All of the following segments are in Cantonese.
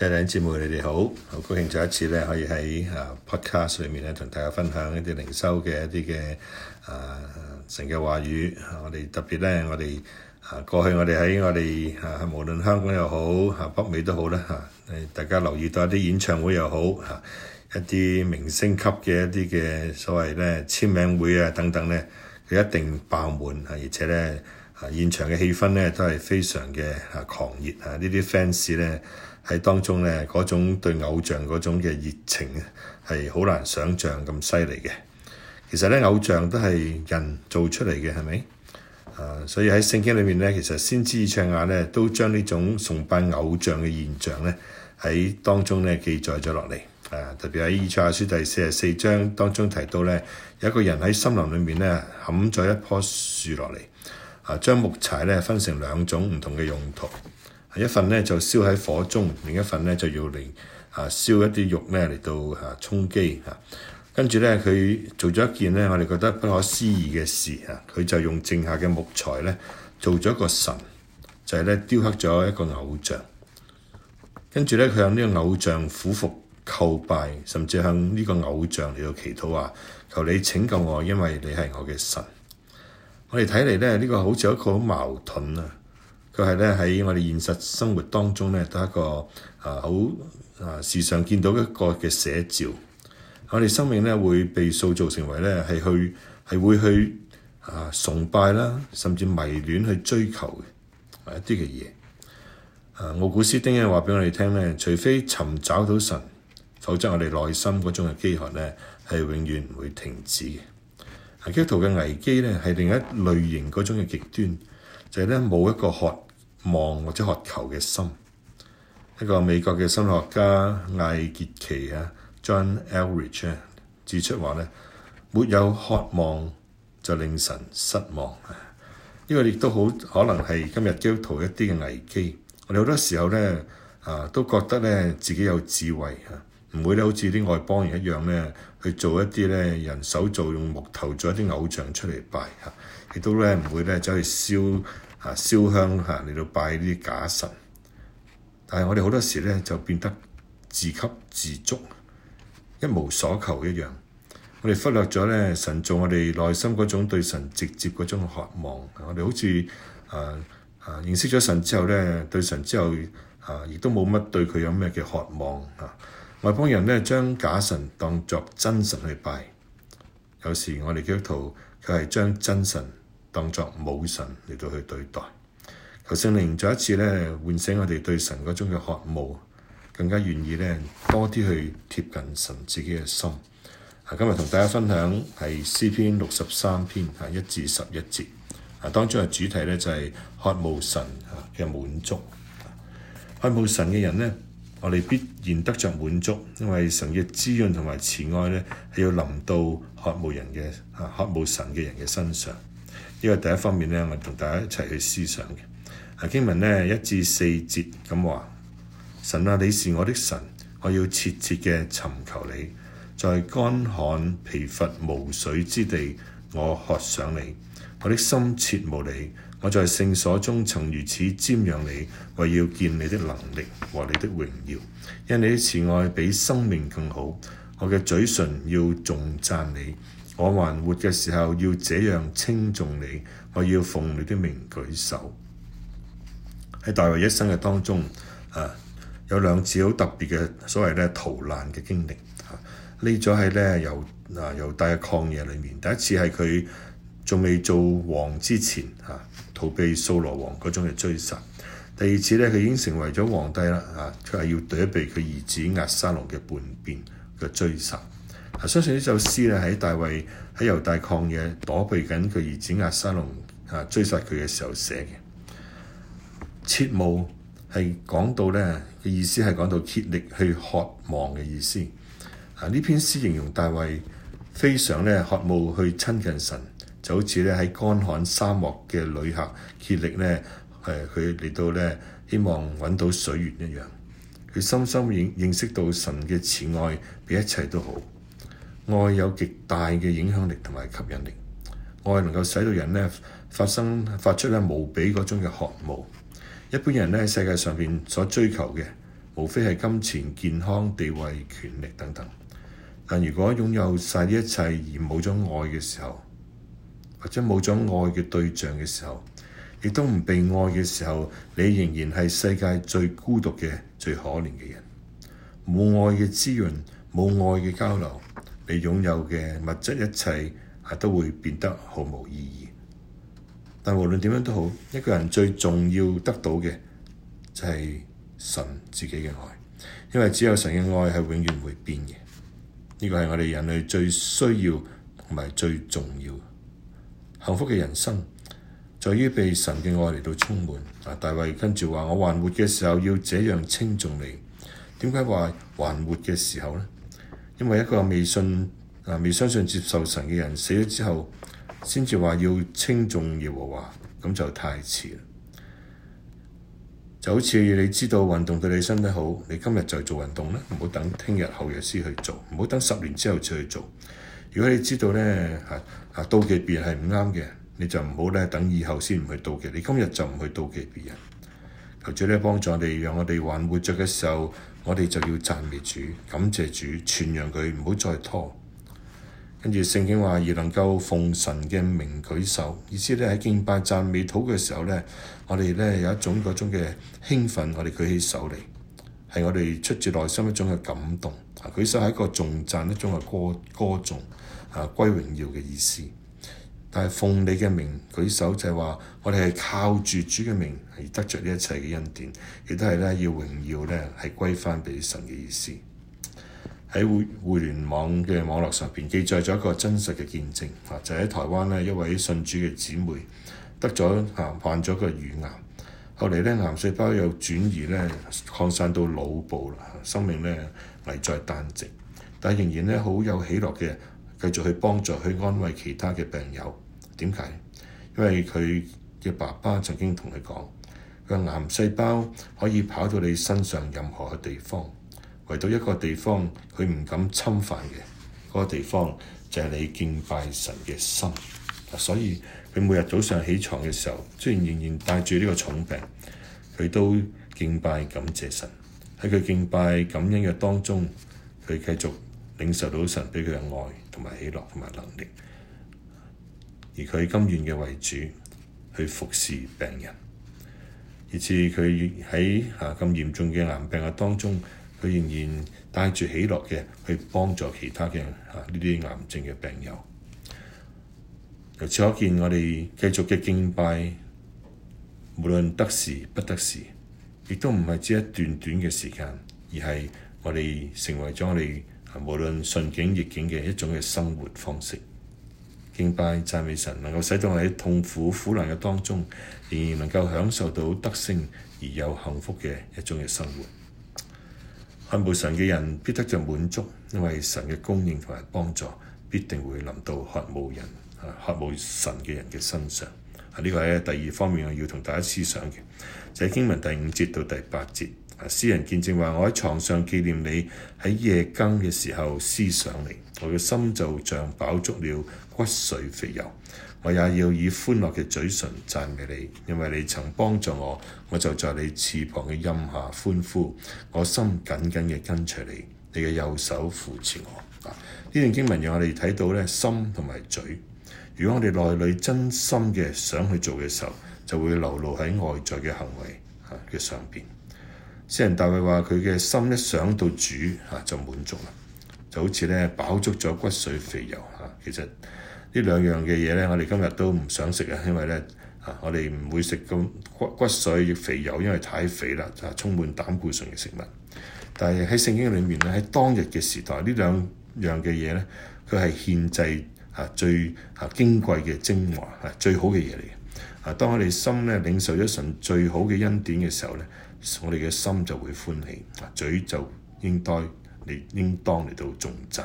誒，靚姐妹你哋好，好高興，再一次咧可以喺啊 Podcast 裏面咧同大家分享一啲靈修嘅一啲嘅啊成嘅話語。我哋特別咧，我哋啊過去我哋喺我哋啊，無論香港又好，啊北美都好啦嚇。大家留意到一啲演唱會又好嚇、啊，一啲明星級嘅一啲嘅所謂咧簽名會啊等等咧，佢一定爆滿嚇、啊，而且咧啊現場嘅氣氛咧都係非常嘅啊狂熱啊！呢啲 fans 咧～喺當中呢，嗰種對偶像嗰種嘅熱情係好難想像咁犀利嘅。其實呢，偶像都係人做出嚟嘅，係咪？啊，所以喺聖經裏面呢，其實先知以賽亞呢，都將呢種崇拜偶像嘅現象呢，喺當中呢記載咗落嚟。啊，特別喺以賽亞書第四十四章當中提到呢，有一個人喺森林裏面呢，冚咗一棵樹落嚟，啊，將木柴呢分成兩種唔同嘅用途。一份咧就燒喺火中，另一份咧就要嚟啊燒一啲肉咧嚟到啊充飢啊。跟住咧佢做咗一件咧，我哋覺得不可思議嘅事啊！佢就用剩下嘅木材咧做咗個神，就係咧雕刻咗一個偶像。跟住咧佢向呢個偶像俯伏叩拜，甚至向呢個偶像嚟到祈禱啊！求你拯救我，因為你係我嘅神。我哋睇嚟咧呢個好似一個好矛盾啊！佢係咧喺我哋現實生活當中咧，都係一個啊好啊時常見到一個嘅寫照。啊，我哋生命咧會被塑造成為咧係去係會去啊崇拜啦，甚至迷戀去追求嘅一啲嘅嘢。啊，奧古斯丁咧話俾我哋聽咧，除非尋找到神，否則我哋內心嗰種嘅飢渴咧係永遠唔會停止嘅。啊，基督徒嘅危機咧係另一類型嗰種嘅極端。就係咧冇一個渴望或者渴求嘅心，一個美國嘅心理學家艾傑奇啊，John Eldridge 啊，指出話咧，沒有渴望就令神失望。呢個亦都好可能係今日基督徒一啲嘅危機。我哋好多時候咧啊，都覺得咧自己有智慧嚇，唔會咧好似啲外邦人一樣咧去做一啲咧人手做用木頭做一啲偶像出嚟拜嚇，亦都咧唔會咧走去燒。啊，燒香嚇嚟到拜呢啲假神，但係我哋好多時咧就變得自給自足，一無所求一樣。我哋忽略咗咧神做我哋內心嗰種對神直接嗰種渴望。我哋好似誒誒認識咗神之後咧，對神之後啊，亦都冇乜對佢有咩嘅渴望啊！外邦人咧將假神當作真神去拜，有時我哋基督徒佢係將真神，當作武神嚟到去對待。求聖靈再一次咧，喚醒我哋對神嗰種嘅渴慕，更加願意咧多啲去貼近神自己嘅心。啊，今日同大家分享係詩篇六十三篇吓一至十一節啊，當中嘅主題咧就係渴慕神吓嘅滿足。渴慕神嘅人咧，我哋必然得着滿足，因為神嘅滋潤同埋慈愛咧係要臨到渴慕人嘅吓渴慕神嘅人嘅身上。呢個第一方面呢，我同大家一齊去思想嘅。啊，經文呢，一至四節咁話：神啊，你是我的神，我要切切嘅尋求你。在乾旱疲乏無水之地，我渴想你。我的心切慕你。我在聖所中曾如此瞻仰你，我要見你的能力和你的榮耀。因你的慈愛比生命更好，我嘅嘴唇要重讚你。我還活嘅時候，要這樣稱頌你，我要奉你的名舉手。喺大衛一生嘅當中，啊，有兩次好特別嘅所謂咧逃難嘅經歷。啊、匿咗喺咧猶啊猶大嘅曠野裏面，第一次係佢仲未做王之前，啊，逃避掃羅王嗰種嘅追殺；第二次咧佢已經成為咗皇帝啦，啊，卻要躲避佢兒子押沙龍嘅叛變嘅追殺。相信呢首詩咧，喺大衛喺猶大曠野躲避緊佢兒子押沙龍啊追殺佢嘅時候寫嘅。切慕係講到咧嘅意思係講到竭力去渴望嘅意思。啊！呢篇詩形容大衛非常咧渴望去親近神，就好似咧喺乾旱沙漠嘅旅客竭力咧誒佢嚟到咧希望揾到水源一樣。佢深深認認識到神嘅慈愛比一切都好。愛有極大嘅影響力同埋吸引力，愛能夠使到人呢發生發出呢無比嗰種嘅渴望。一般人呢，世界上邊所追求嘅無非係金錢、健康、地位、權力等等。但如果擁有晒呢一切而冇咗愛嘅時候，或者冇咗愛嘅對象嘅時候，亦都唔被愛嘅時候，你仍然係世界最孤獨嘅、最可憐嘅人。冇愛嘅滋潤，冇愛嘅交流。你擁有嘅物質一切都會變得毫無意義。但無論點樣都好，一個人最重要得到嘅就係神自己嘅愛，因為只有神嘅愛係永遠唔會變嘅。呢個係我哋人類最需要同埋最重要幸福嘅人生，在於被神嘅愛嚟到充滿。啊，大衛跟住話：我還活嘅時候要這樣稱頌你。點解話還活嘅時候呢？」因為一個未信啊，未相信接受神嘅人死咗之後，先至話要稱頌耶和華，咁就太遲啦。就好似你知道運動對你身體好，你今日就做運動啦，唔好等聽日後日先去做，唔好等十年之後再去做。如果你知道咧嚇嚇妒忌別人係唔啱嘅，你就唔好咧等以後先唔去妒忌，你今日就唔去妒忌別人。求主咧幫助我哋，讓我哋還活着嘅時候，我哋就要讚美主，感謝主，傳揚佢，唔好再拖。跟住聖經話而能夠奉神嘅名舉手，意思咧喺敬拜讚美主嘅時候咧，我哋咧有一種嗰種嘅興奮，我哋舉起手嚟，係我哋出自內心一種嘅感動。舉手係一個重讚一種嘅歌歌頌啊，歸榮耀嘅意思。但係奉你嘅名舉手就，就係話我哋係靠住主嘅名，而得着呢一切嘅恩典，亦都係咧要榮耀咧係歸翻俾神嘅意思。喺互互聯網嘅網絡上邊記載咗一個真實嘅見證，啊就喺台灣咧一位信主嘅姊妹得咗啊患咗個乳癌，後嚟咧癌細胞又轉移咧擴散到腦部啦，生命咧危在旦夕，但係仍然咧好有喜樂嘅繼續去幫助去安慰其他嘅病友。點解？因為佢嘅爸爸曾經同佢講，佢個癌細胞可以跑到你身上任何嘅地方，唯獨一個地方佢唔敢侵犯嘅嗰個地方，就係你敬拜神嘅心。所以佢每日早上起床嘅時候，雖然仍然帶住呢個重病，佢都敬拜感謝神。喺佢敬拜感恩嘅當中，佢繼續領受到神俾佢嘅愛同埋喜樂同埋能力。而佢甘願嘅為主去服侍病人，而似佢喺咁嚴重嘅癌病嘅當中，佢仍然帶住喜樂嘅去幫助其他嘅呢啲癌症嘅病友。由此可見，我哋繼續嘅敬拜，無論得時不得時，亦都唔係只一段短嘅時間，而係我哋成為咗我哋無論順境逆境嘅一種嘅生活方式。敬拜讚美神，能夠使到我喺痛苦苦難嘅當中，仍然能夠享受到得勝而又幸福嘅一種嘅生活。渴慕神嘅人必得著滿足，因為神嘅供應同埋幫助必定會臨到渴慕人、啊渴慕神嘅人嘅身上。啊，呢個係第二方面我要同大家思想嘅，就係經文第五節到第八節。私人見證話：我喺床上紀念你喺夜更嘅時候思想你，我嘅心就像飽足了骨髓肥油。我也要以歡樂嘅嘴唇讚美你，因為你曾幫助我。我就在你翅膀嘅陰下歡呼，我心緊緊嘅跟隨你，你嘅右手扶持我。呢段經文讓我哋睇到咧心同埋嘴。如果我哋內裏真心嘅想去做嘅時候，就會流露喺外在嘅行為嘅上邊。詩人大衛話：佢嘅心一想到主，嚇就滿足啦，就好似咧飽足咗骨髓肥油嚇。其實呢兩樣嘅嘢咧，我哋今日都唔想食啊，因為咧啊，我哋唔會食咁骨骨髓與肥油，因為太肥啦，就充滿膽固醇嘅食物。但係喺聖經裡面咧，喺當日嘅時代，呢兩樣嘅嘢咧，佢係獻祭嚇最嚇矜貴嘅精華，嚇最好嘅嘢嚟嘅。啊，當我哋心咧領受咗神最好嘅恩典嘅時候咧，我哋嘅心就會歡喜，嘴就應該嚟應，應當嚟到頌讚。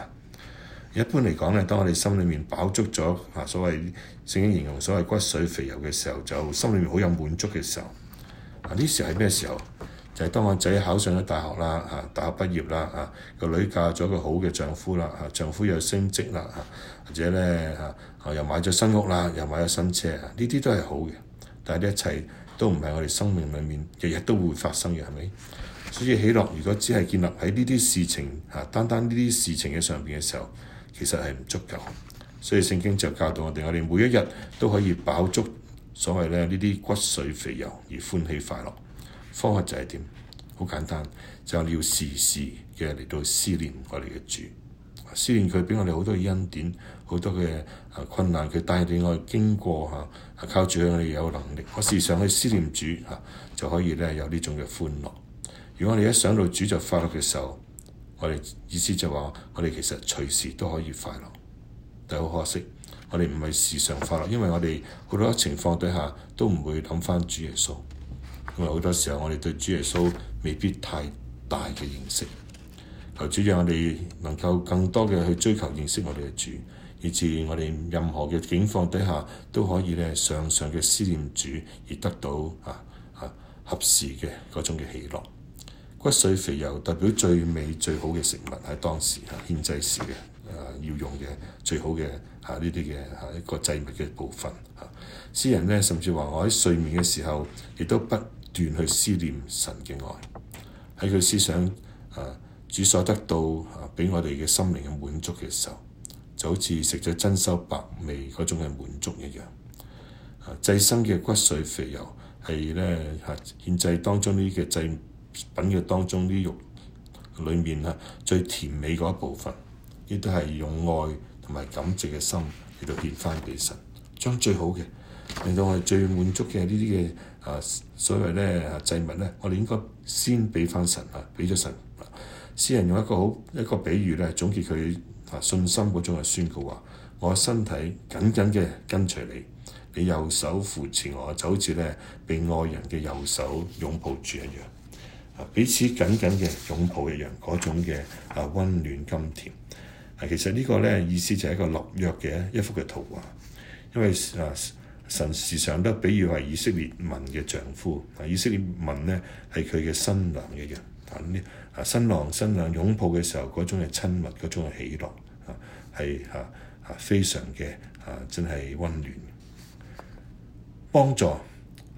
一般嚟講咧，當我哋心裡面飽足咗啊，所謂聖經形容所謂骨髓肥油嘅時候，就心裡面好有滿足嘅時候。啊，呢時係咩時候？就係、係、當我仔考上咗大學啦，啊，大學畢業啦，啊，個女嫁咗個好嘅丈夫啦，啊，丈夫又升職啦、啊，或者咧，啊，又買咗新屋啦、啊，又買咗新車，啊，呢啲都係好嘅。但係呢一切。都唔係我哋生命裏面日日都會發生嘅，係咪？所以喜樂如果只係建立喺呢啲事情嚇，單單呢啲事情嘅上邊嘅時候，其實係唔足夠。所以聖經就教導我哋，我哋每一日都可以飽足所謂咧呢啲骨髓肥油而歡喜快樂。方法就係點？好簡單，就係你要時時嘅嚟到思念我哋嘅主。思念佢畀我哋好多嘅恩典，好多嘅困難，佢帶領我哋經過，靠住我哋有能力。時上我時常去思念主，就可以咧有呢種嘅歡樂。如果我哋一想到主就快樂嘅時候，我哋意思就話，我哋其實隨時都可以快樂。但係好可惜，我哋唔係時常快樂，因為我哋好多情況底下都唔會諗翻主耶穌，因為好多時候我哋對主耶穌未必太大嘅認識。求主讓我哋能夠更多嘅去追求認識我哋嘅主，以至我哋任何嘅境況底下都可以咧，常常嘅思念主而得到啊啊合時嘅嗰種嘅喜樂。骨髓肥油代表最美最好嘅食物喺當時，獻祭時啊，獻祭時嘅啊要用嘅最好嘅嚇呢啲嘅嚇一個祭物嘅部分嚇、啊。詩人咧甚至話：我喺睡眠嘅時候亦都不斷去思念神嘅愛喺佢思想啊。主所得到俾、啊、我哋嘅心靈嘅滿足嘅時候，就好似食咗珍饈百味嗰種嘅滿足一樣。祭牲嘅骨髓肥油係咧，獻、啊、祭當中呢啲嘅祭品嘅當中啲肉裡面啊，最甜美嗰一部分，亦都係用愛同埋感謝嘅心嚟到獻翻俾神，將最好嘅令到我哋最滿足嘅呢啲嘅啊，所謂咧啊祭物咧，我哋應該先俾翻神啊，俾咗神。詩人用一個好一個比喻咧，總結佢啊信心嗰種宣告話：我身體緊緊嘅跟隨你，你右手扶持我，就好似咧被愛人嘅右手擁抱住一樣啊，彼此緊緊嘅擁抱一樣嗰種嘅啊温暖甘甜啊。其實個呢個咧意思就係一個立約嘅一幅嘅圖畫，因為啊神時常都比喻為以色列民嘅丈夫啊，以色列民咧係佢嘅新娘一樣，咁咧。啊！新郎新娘擁抱嘅時候，嗰種係親密，嗰種係喜樂，啊係啊啊非常嘅啊，真係温暖。幫助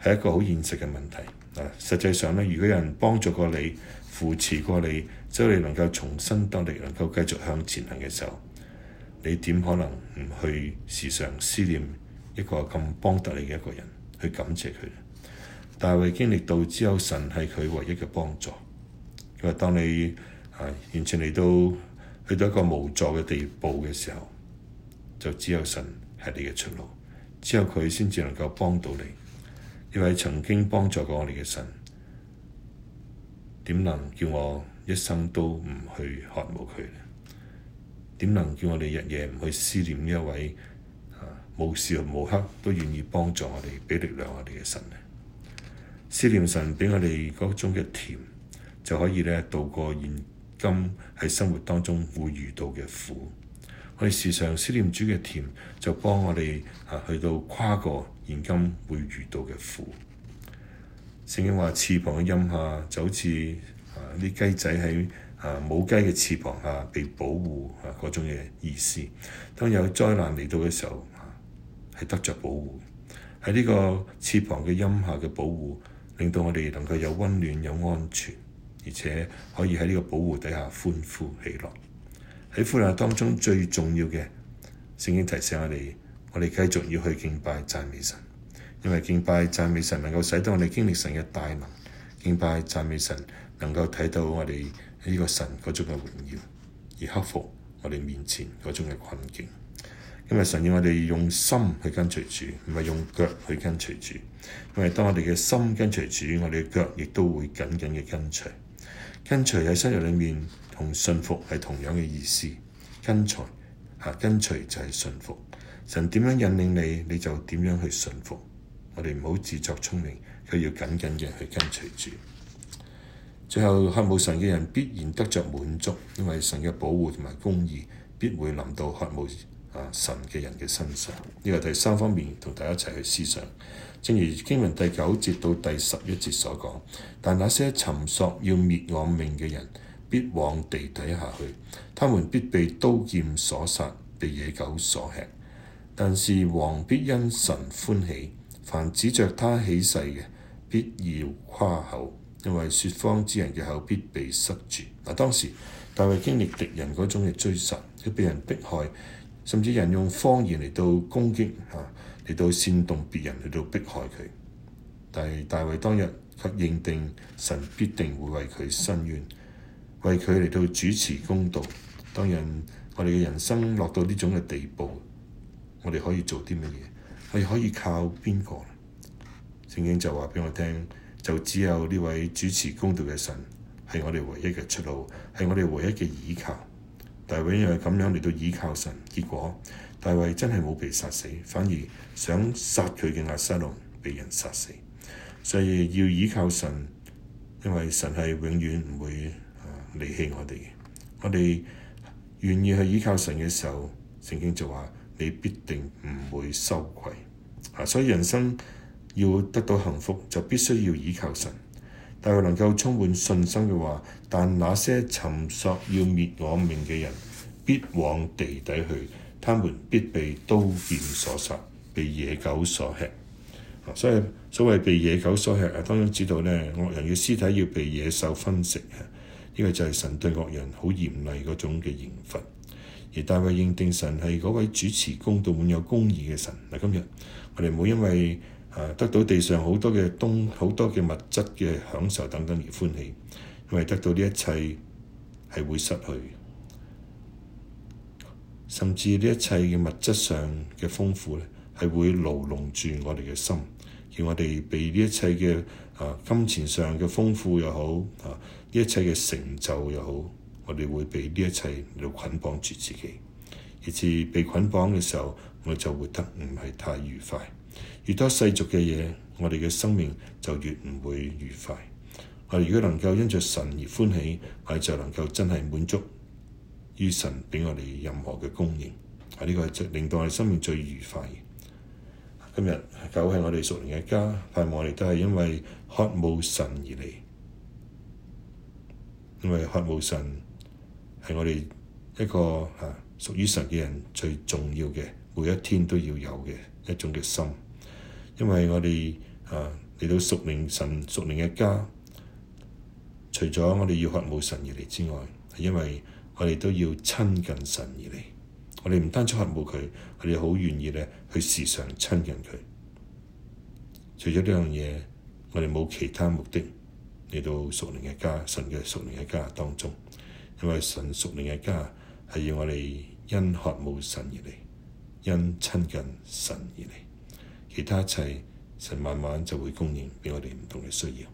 係一個好現實嘅問題。啊，實際上咧，如果有人幫助過你、扶持過你，即你能夠重新得力、能夠繼續向前行嘅時候，你點可能唔去時常思念一個咁幫得你嘅一個人去感謝佢？大衛經歷到之後，神係佢唯一嘅幫助。因為當你啊完全嚟到去到一個無助嘅地步嘅時候，就只有神係你嘅出路，只有佢先至能夠幫到你。呢位曾經幫助過我哋嘅神，點能叫我一生都唔去渴望佢咧？點能叫我哋日夜唔去思念呢一位啊無時無刻都願意幫助我哋、畀力量我哋嘅神咧？思念神畀我哋嗰種嘅甜。就可以咧度過現今喺生活當中會遇到嘅苦。我哋時常思念主嘅甜，就幫我哋啊去到跨過現今會遇到嘅苦。聖經話，翅膀，嘅蔭下就好似啊啲雞仔喺啊母雞嘅翅膀下被保護啊嗰種嘅意思。當有災難嚟到嘅時候，係、啊、得着保護，喺呢個翅膀嘅蔭下嘅保護，令到我哋能夠有溫暖，有安全。而且可以喺呢個保護底下歡呼喜樂，喺歡呼喜樂當中最重要嘅聖經提醒我哋，我哋繼續要去敬拜讚美神，因為敬拜讚美神能夠使到我哋經歷神嘅大能，敬拜讚美神能夠睇到我哋喺呢個神嗰種嘅榮耀，而克服我哋面前嗰種嘅困境。因為神要我哋用心去跟隨主，唔係用腳去跟隨主。因為當我哋嘅心跟隨主，我哋嘅腳亦都會緊緊嘅跟隨。跟隨喺收入裏面同信服係同樣嘅意思，跟隨吓、啊、跟隨就係信服，神點樣引領你，你就點樣去信服。我哋唔好自作聰明，佢要緊緊嘅去跟隨住。最後，渴慕神嘅人必然得着滿足，因為神嘅保護同埋公義必會臨到渴慕啊神嘅人嘅身上。呢個第三方面，同大家一齊去思想。正如經文第九節到第十一節所講，但那些尋索要滅我命嘅人，必往地底下去，他們必被刀劍所殺，被野狗所吃。但是王必因神歡喜，凡指着他起誓嘅，必要誇口，因為說謊之人嘅口必被塞住。嗱，當時大衛經歷敵人嗰種嘅追殺，又被人迫害，甚至人用謊言嚟到攻擊嚇，嚟到煽動別人，嚟到迫害佢，但係大衛當日卻認定神必定會為佢伸冤，為佢嚟到主持公道。當然我哋嘅人生落到呢種嘅地步，我哋可以做啲乜嘢？我哋可以靠邊個？聖經就話俾我聽，就只有呢位主持公道嘅神係我哋唯一嘅出路，係我哋唯一嘅依靠。大衛因為咁樣嚟到倚靠神，結果，大衛真係冇被殺死，反而想殺佢嘅阿撒隆被人殺死。所以要依靠神，因為神係永遠唔會離棄我哋。我哋願意去依靠神嘅時候，聖經就話：你必定唔會羞愧啊！所以人生要得到幸福，就必須要依靠神。大衛能夠充滿信心嘅話，但那些尋索要滅我命嘅人，必往地底去。他們必被刀劍所殺，被野狗所吃。啊、所以所謂被野狗所吃啊，當然知道咧，惡人嘅屍體要被野獸分食呢個、啊、就係神對惡人好嚴厲嗰種嘅刑罰。而大衛認定神係嗰位主持公道、滿有公義嘅神。嗱、啊，今日我哋唔好因為啊得到地上好多嘅東好多嘅物質嘅享受等等而歡喜，因為得到呢一切係會失去。甚至呢一切嘅物質上嘅豐富咧，係會牢籠住我哋嘅心，而我哋被呢一切嘅啊金錢上嘅豐富又好啊，呢一切嘅成就又好，我哋會被呢一切嚟捆綁住自己。其次，被捆綁嘅時候，我就活得唔係太愉快。越多世俗嘅嘢，我哋嘅生命就越唔會愉快。我哋如果能夠因着神而歡喜，我哋就能夠真係滿足。於神畀我哋任何嘅供應，係、啊、呢、這個令到我哋生命最愉快嘅。今日狗係我哋屬靈嘅家，盼望我哋都係因為渴慕神而嚟，因為渴慕神係我哋一個啊屬於神嘅人最重要嘅，每一天都要有嘅一種嘅心。因為我哋啊嚟到屬靈神屬靈嘅家，除咗我哋要渴慕神而嚟之外，係因為我哋都要親近神而嚟，我哋唔單止渴慕佢，我哋好願意咧去時常親近佢。除咗呢樣嘢，我哋冇其他目的嚟到屬靈嘅家、神嘅屬靈嘅家當中，因為神屬靈嘅家係要我哋因渴慕神而嚟，因親近神而嚟，其他一切神慢慢就會供應俾我哋唔同嘅需要。